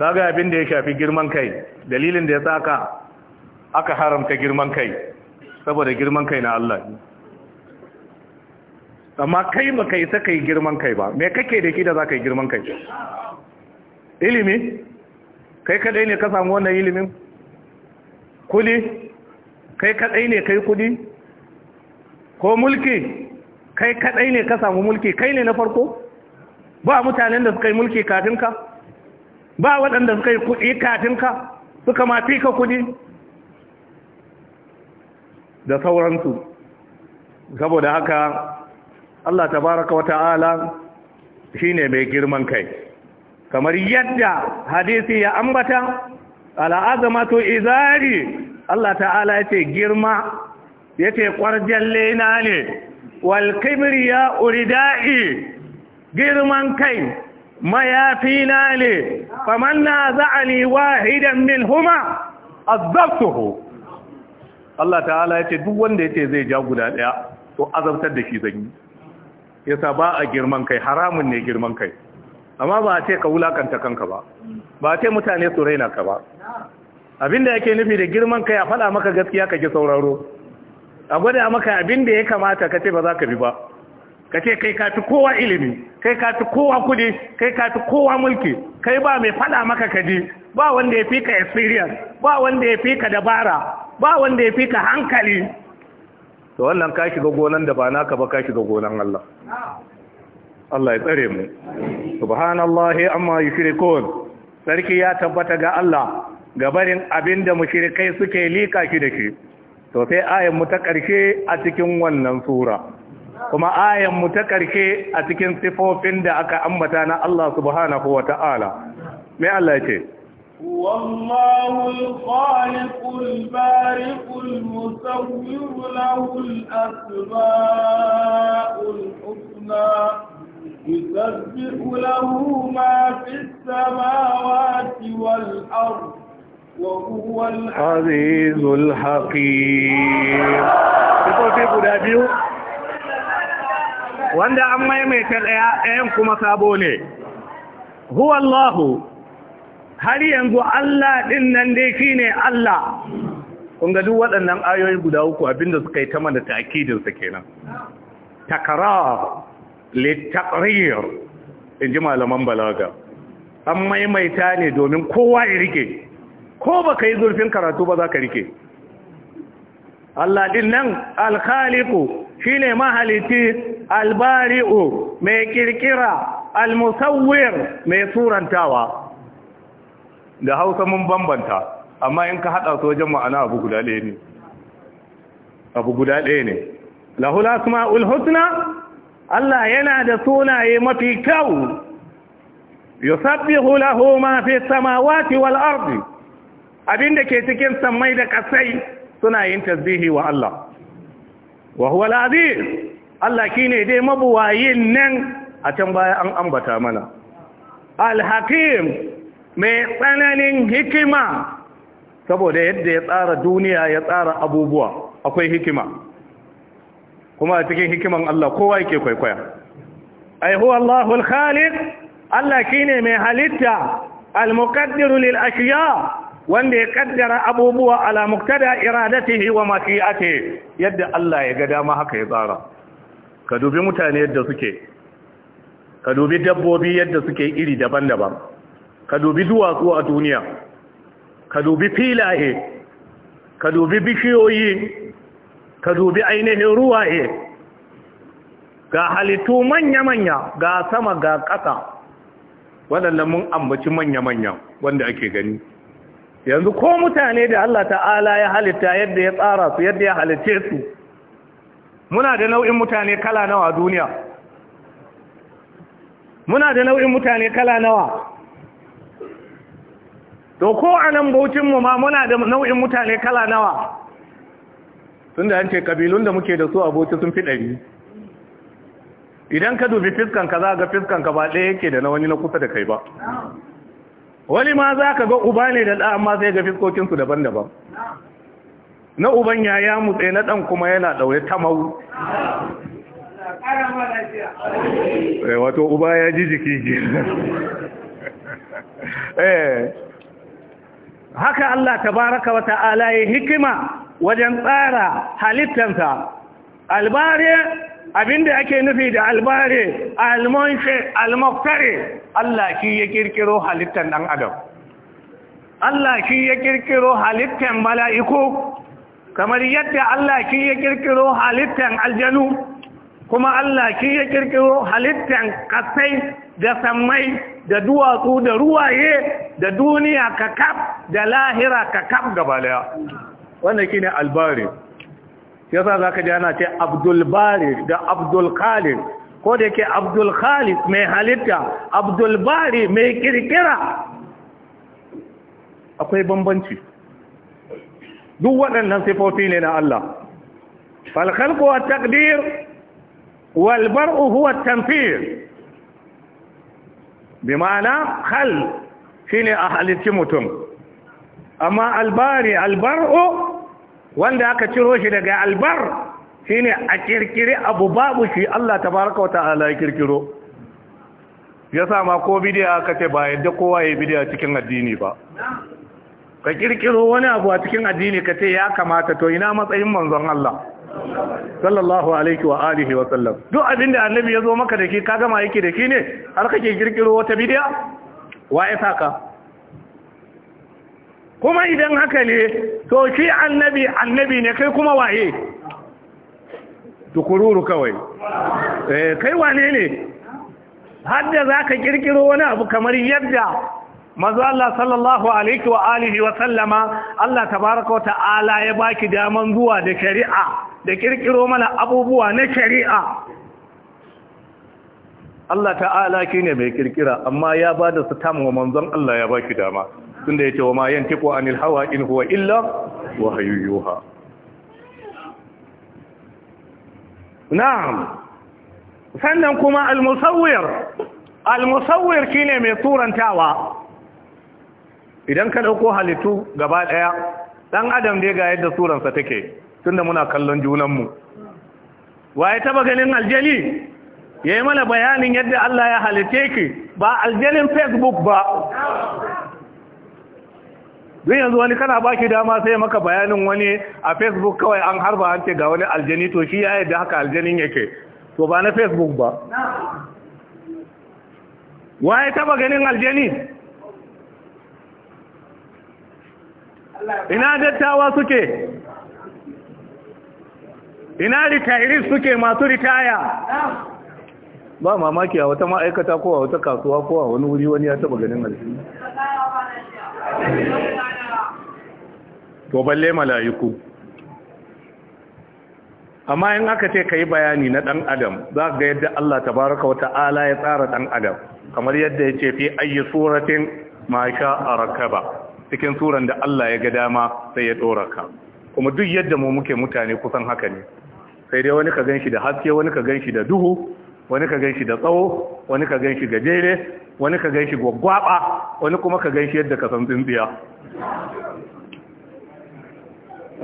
Speaker 1: kaga abin da ya shafi girman kai dalilin da ya saka aka haramta girman kai saboda girman kai na Allah ne amma kai ba kai sa kai girman kai ba me kake da ki da za ka yi girman kai ilimi kai kadai ne ka samu wannan ilimin kuli kai kadai ne kai kudi ko mulki kai kadai ne ka samu mulki kai ne na farko ba mutanen da suka yi mulki kafin ba waɗanda suka yi kudi kafin suka ma ka kudi? da sauransu saboda haka Allah tabaraka shi ne mai girman kai kamar yadda hadisi ya ambata al'azamatu izari Allah ta'ala ya ce girma yace kwarjalle na ne wal ya uridai girman kai mayafi na ne Kamar na za'ali wahidan min huma azzabtuhu Allah ta'ala ya ce duk wanda ya ce zai ja guda ɗaya to azabtar da shi zan yasa ba a girman kai haramun ne girman kai amma ba a ce ka wulakanta kanka ba ba a ce mutane su raina ka ba abinda yake nufi da girman kai a faɗa maka gaskiya ka ji sauraro a gwada maka abinda ya kamata ka ce ba za ka bi ba ka ce kai ka fi kowa ilimi kai ka fi kowa kudi kai ka fi kowa mulki kai ba mai faɗa maka ka ji ba wanda ya fi ka experience ba wanda ya fi ka dabara ba wanda ya fi ka hankali to wannan ka shiga gonan da ba naka ba ka shiga gonan Allah Allah ya tsare mu subhanallahi amma yushrikun sarki ya tabbata ga Allah gabarin abinda mushrikai suke lika shi da shi to sai ayan mu ta karshe a cikin wannan sura kuma ayan mu ta karshe a cikin sifofin da aka ambata na Allah subhanahu wata'ala mai Allah ya ce
Speaker 3: هو الله الخالق البارئ المصور له الأسماء الحسنى يسبح له ما في السماوات والأرض وهو
Speaker 1: العزيز الحكيم wanda an ميت الأيام كما kuma sabo har yanzu Allah ɗin nan dai shi ne Allah Kunga duk waɗannan ayoyi guda uku abinda suka yi ta mana akidinsa kenan takarar takarir in ji malaman balaga an maimaita ne domin kowa ya rike ko ba ka yi zurfin karatu ba za ka rike Allah ɗin nan alkhaliku shi ne mahaliti albari'u mai kirkira almusawir mai surantawa da hausa mun bambanta amma in ka haɗa su wajen ma'ana abu guda ɗaya ne abu guda ɗaya ne lahula kuma Allah yana da sunaye mafi kyau yusabbihu lahu ma fi samawati wal ardi abinda ke cikin samai da kasai suna yin tasbihi wa Allah wa huwa al-aziz Allah kine dai mabuwayin nan a can baya an ambata mana al-hakim mai tsananin hikima saboda yadda ya tsara duniya ya tsara abubuwa akwai hikima kuma cikin hikiman Allah kowa yake kwaikwaya ai huwa Allahul Khaliq Allah shine mai halitta al-muqaddiru lil ashiya wanda ya kaddara abubuwa ala muqtada iradatihi wa mashi'atihi yadda Allah ya ga dama haka ya tsara ka dubi mutane yadda suke ka dubi dabbobi yadda suke iri daban-daban ka dubi duwatsu a duniya ka dubi filaye ka dubi bishiyoyi ka dubi ainihin ruwaye ga halittu manya-manya ga sama ga ƙasa waɗannan mun ambaci manya-manya wanda ake gani yanzu ko mutane da Allah ta'ala ya halitta yadda ya tsara su yadda ya halitta su muna da nau'in mutane kala nawa a duniya muna da nau'in mutane kala nawa to ko a nan bautinmu ma muna da nau'in mutane kala nawa tun da yance kabilun da muke da su a bauchi sun fi ɗari idan ka dubi fiskanka za ga fiskanka ba ɗaya yake da na wani na kusa da kai ba wani ma za ka ga uba ne da ɗa amma sai ga fiskokinsu daban-daban na uban ya ya mutse na ɗan kuma yana ɗaure ta mau eh, wato uba ya ji jiki eh haka Allah tabaraka wa ta'ala ya hikima wajen tsara halittansa albare abinda ake nufi da albare almonshe, almoktare Allah shi ya kirkiro halittan ɗan adam Allah shi ya kirkiro halittan mala'iku kamar yadda Allah shi ya kirkiro halittan aljanu kuma Allah ki ya kirkiro halittan kasai da sammai da duwatsu da ruwaye da duniya kakaf da lahira kaf gaba daya wannan shine albari yasa zaka ji ana ce Abdul Bari da Abdul Khalid ko da yake Abdul Khalid mai halitta Abdul Bari mai kirkira akwai bambanci duk waɗannan sifofi ne na Allah fal khalqu wa taqdir والبرء هو التنفيذ بمعنى خل شيني أهلتي mutum. Amma الباري البرء wanda aka ciro shi daga albar shine a kirkiri abu babu shi Allah tabaraka wa ta'ala ya kirkiro yasa ma ko bidiya aka ce ba yadda kowa ya bidiya cikin addini ba ka kirkiro wani abu a cikin addini ka ce ya kamata to ina matsayin manzon Allah sallallahu alaihi wa alihi wa sallam duk abin da annabi ya zo maka da ke ka gama yake da ki ne har kake girkiro wata bidiya wa ya ka? kuma idan haka ne to shi annabi annabi ne kai kuma waye tukururu kawai eh, kai wane ne har da za ka wani abu kamar yadda Mazu Allah sallallahu alaihi wa alihi wa sallama Allah tabaraka ta'ala ya baki daman zuwa da shari'a da kirkiro mana abubuwa na shari'a Allah ta'ala kine mai kirkira amma ya bada su tamu wa manzon Allah ya baki dama tunda yake wa ma yantiqu anil hawa in huwa illa
Speaker 2: wahyuha
Speaker 1: na'am sannan kuma al-musawwir al-musawwir kine mai turantawa idan ka ɗauko halittu gaba ɗaya ɗan adam dai ga yadda suransa take tunda muna kallon junanmu wa ya taba ganin aljali ya yi mana bayanin yadda Allah ya halitte ki ba aljalin facebook ba zai yanzu wani kana baki dama sai maka bayanin wani a facebook kawai an harba an ce ga wani aljani to shi ya yadda haka aljanin yake to ba na facebook ba wa ya taba ganin aljani
Speaker 2: ina dattawa suke ina
Speaker 1: suke masu ritaya ba mamaki a wata ma'aikata ko wata kasuwa ko a wani wuri wani ya taba ganin alfi to balle mala'iku amma in aka ce ka yi bayani na ɗan adam za ga yadda Allah Ta tabaraka wata Ala ya tsara ɗan adam kamar yadda ya ce fi ayyusuratin suratin ma sha a rakaba cikin suran da Allah ya ga dama sai ya tsora ka kuma duk yadda mu muke mutane kusan haka ne sai dai wani ka ganshi da haske wani ka ganshi da duhu wani ka ganshi da tsawo wani ka ganshi gajere wani ka ganshi gwagwaba wani kuma ka ganshi yadda ka san tsintsiya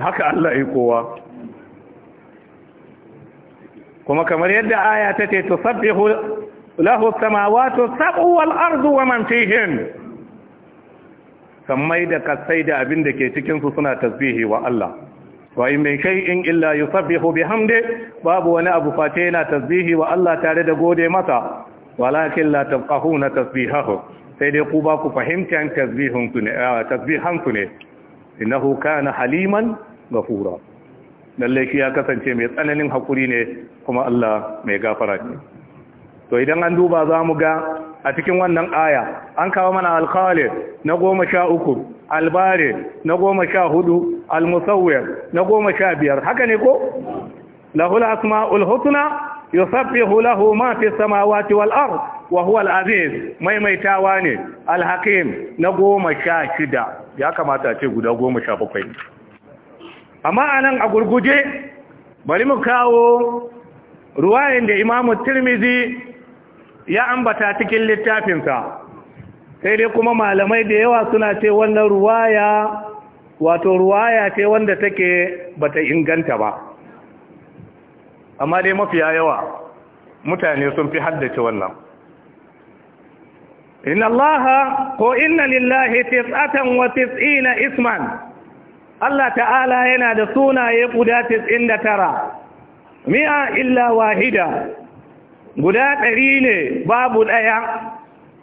Speaker 2: haka Allah ya kowa
Speaker 1: kuma kamar yadda aya ta ce tusabbihu lahu samawati sab'u wal ardu wa man fihin sammai da kasai da abin da ke cikinsu suna tasbihi wa Allah wa in illa shay'in illa yusabbihu bihamdi babu wani abu face yana tasbihi wa Allah tare da gode masa walakin la tafqahuna tasbihahu sai dai ku ba ku fahimtan tasbihun ne tasbihan ne innahu kana haliman ghafura lalle shi ya kasance mai tsananin hakuri ne kuma Allah mai gafara ne to idan an duba za mu ga a cikin wannan aya an kawo mana alkhalid na goma sha uku albari na goma sha hudu na goma sha biyar haka ne ko lahul asma'ul husna yusabbihu lahu ma fi samawati wal ard aziz maimaitawa ne al na goma sha shida ya kamata ce guda goma sha bakwai amma anan a gurguje bari mu kawo ruwayen da imamu tirmizi ya ambata cikin littafinsa sai dai kuma malamai da yawa suna ce wannan ruwaya wato ruwaya ce wanda take bata inganta ba amma dai mafiya yawa mutane sun fi haddace wannan inna allaha ko inna lillahi tis'atan wa tis'ina isman Allah ta'ala yana da sunaye guda 99 mi'a illa wahida guda ɗari ne babu ɗaya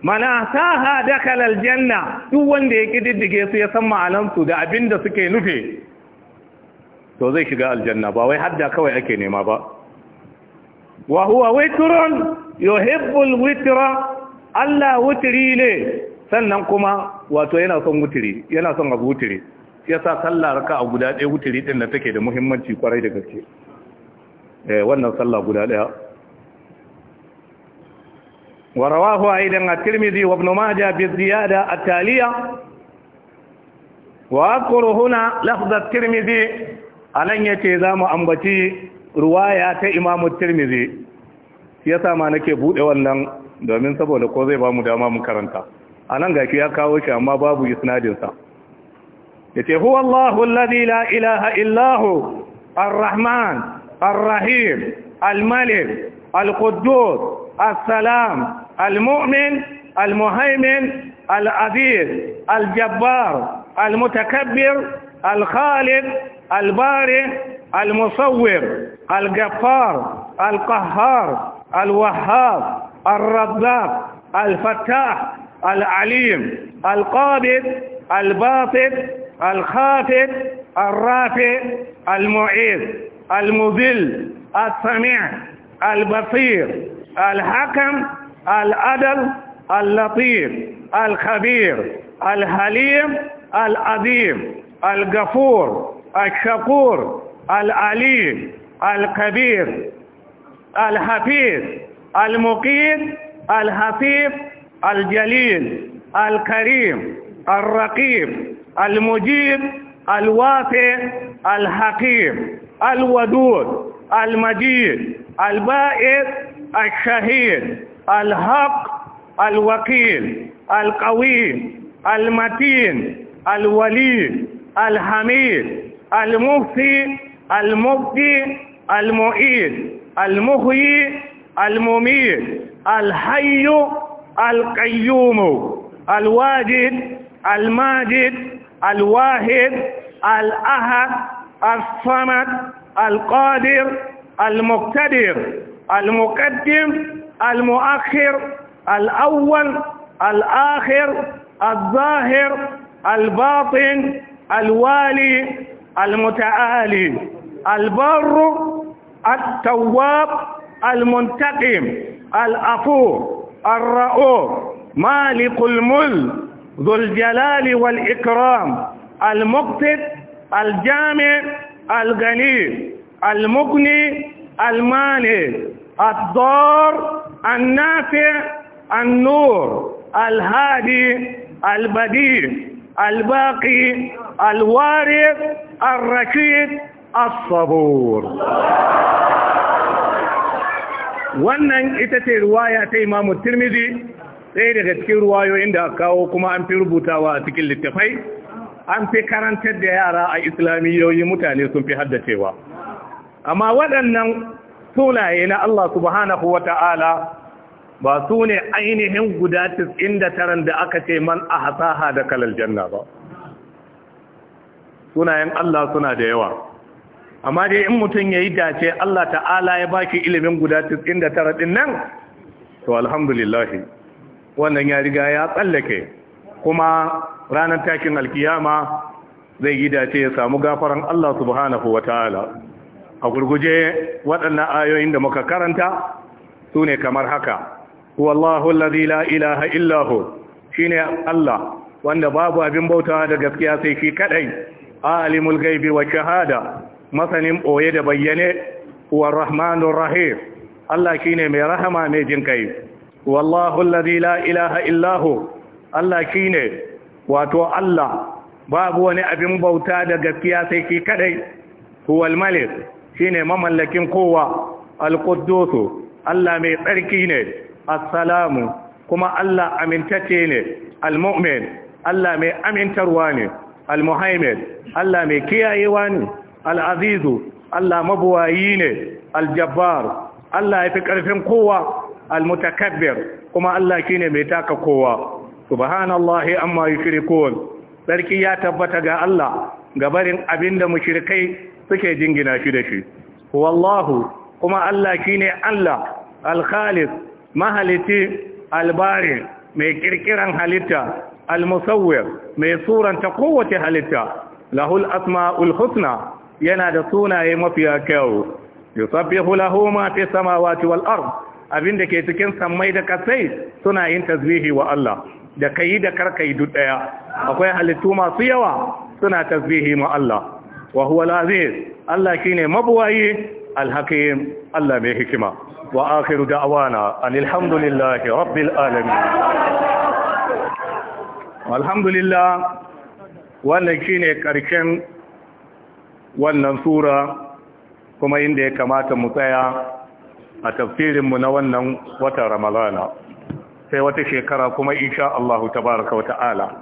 Speaker 1: mana sa ha dakal aljanna duk wanda ya kididdige su ya san ma'anansu da abin da suke nufe to zai shiga aljanna ba wai hadda kawai ake nema ba wa huwa witrun yuhibbul witra Allah wutri ne sannan kuma wato yana son wutri yana son abu wutri yasa sallah raka a guda ɗaya wutri din da take da muhimmanci kwarai da gaske eh wannan sallah guda ɗaya ورواه أيضا الترمذي وابن ماجه بالزيادة التالية وأذكر هنا لفظ الترمذي ألن يتزام أنبتي رواية إمام الترمذي yasa ma nake bude nan, domin saboda ko zai ba mu dama makaranta. karanta anan gashi ya kawo shi amma babu isnadinsa. sa yace huwa Allahu alladhi la ilaha illa hu ar-rahman ar al al-quddus السلام المؤمن المهيمن العزيز الجبار المتكبر الخالد البارئ المصور الغفار القهار الوهاب الرزاق الفتاح العليم القابض الباسط الخافض الرافع المعيذ المذل السميع البصير الحكم العدل اللطيف الخبير الحليم العظيم الغفور الشكور العليم الكبير الحفيظ المقيم الحفيظ الجليل الكريم الرقيب المجيب الواسع الحكيم الودود المجيد البائع الشهيد الحق الوكيل القوي المتين الولي الحميد المفتي المبدي المعيد المحيي المميت الحي القيوم الواجد الماجد الواحد الأحد الصمد القادر المقتدر المقدم المؤخر الأول الآخر الظاهر الباطن الوالي المتعالي البر التواب المنتقم الأفور الرؤوف مالك المل ذو الجلال والإكرام المقتد الجامع الغني المغني المانع الضار النافع النور الهادي البديع الباقي الوارث الرشيد الصبور wannan ita ce ruwaya ta imamu tirmidhi ɗaya daga cikin ruwayoyin da kawo kuma an fi rubutawa a cikin littafai an fi karantar da yara a islamiyoyi mutane sun fi haddacewa amma waɗannan sunaye na Allah subhanahu wa ta'ala ba su ne ainihin guda tis'in da aka ce man a hasaha da kalal janna ba sunayen Allah suna da yawa amma dai in mutum ya yi dace Allah ta'ala ya ba shi ilimin guda tara ɗin nan to alhamdulillahi wannan ya riga ya tsallake kuma ranar takin alkiyama zai yi dace ya samu gafaran Allah subhanahu wa ta'ala a gurguje waɗannan ayoyin da muka karanta su ne kamar haka wallahu alladhi la ilaha illahu, hu shine Allah wanda babu abin bauta da gaskiya sai shi kadai alimul ghaibi wa shahada masanin ɓoye da bayyane wa rahmanur rahim Allah shine mai rahama mai jin kai wallahu alladhi la ilaha illahu, hu Allah shine wato Allah babu wani abin bauta da gaskiya sai shi kadai huwal malik shine mamallakin kowa alquddusu Allah mai tsarki ne assalamu kuma Allah amintacce ne almu'min Allah mai amintarwa ne almuhaimin Allah mai kiyayewa ne al'azizu Allah mabuwayi ne aljabbar Allah ya fi ƙarfin kowa almutakabbir kuma Allah shine mai taka kowa subhanallahi amma yushrikun sarki ya tabbata ga Allah gabarin abinda mushrikai suke jingina shi da shi wallahu kuma Allah shine Allah al-khalis mahaliti al-bari mai kirkiran halitta al-musawwir mai suranta kowace halitta lahul asmaul husna yana da sunaye mafiya kyau yusabbihu lahu ma fi samawati wal ard abinda ke cikin sammai da kasai suna yin tasbihi wa Allah da kai da karkai duk daya akwai halittu masu yawa suna tasbihi ma Allah wa huwa al-aziz Allah shine mabuwayi al-hakim Allah mai hikima wa akhiru da'wana alhamdulillahi rabbil alamin alhamdulillah wannan shine ƙarshen wannan sura kuma inda ya kamata mu tsaya a mu na wannan wata ramalana sai wata shekara kuma insha Allah tabaraka wa ta'ala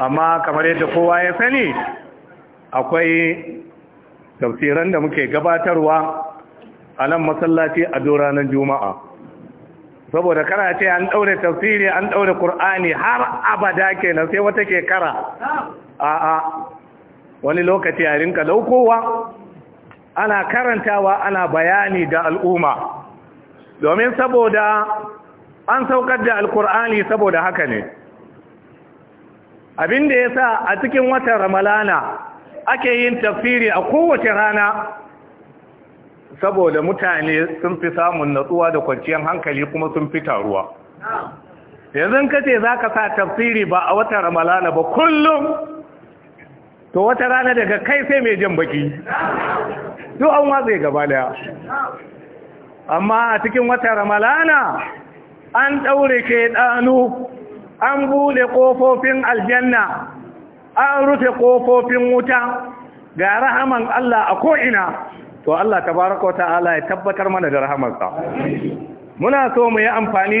Speaker 3: amma kamar yadda kowa ya
Speaker 1: sani akwai tafsiran da muke gabatarwa a nan masallaci a ranar juma'a saboda kana ce an daure tafsiri an daure ƙur'ani har abada kenan sai wata ke kara a'a wani lokaci a rinka laukowa ana karantawa ana bayani da al'umma domin saboda an saukar da alkur'ani saboda haka ne abinda ya sa a cikin watan ramalana
Speaker 2: ake yin tafsiri a
Speaker 1: kowace rana saboda mutane sun fi samun natsuwa da kwanciyar hankali kuma sun fi taruwa yanzu ka ce za ka sa tafsiri ba a watan ramalana ba kullum to wata rana daga kai sai mai jin baki To an watsa gaba daya amma a cikin wata ramalana an ɗaure ke ɗanu an buɗe ƙofofin aljanna an rufe kofofin wuta ga rahaman Allah a ko'ina to Allah tabaraka wa ta'ala ya tabbatar mana da rahamarsa muna so mu yi amfani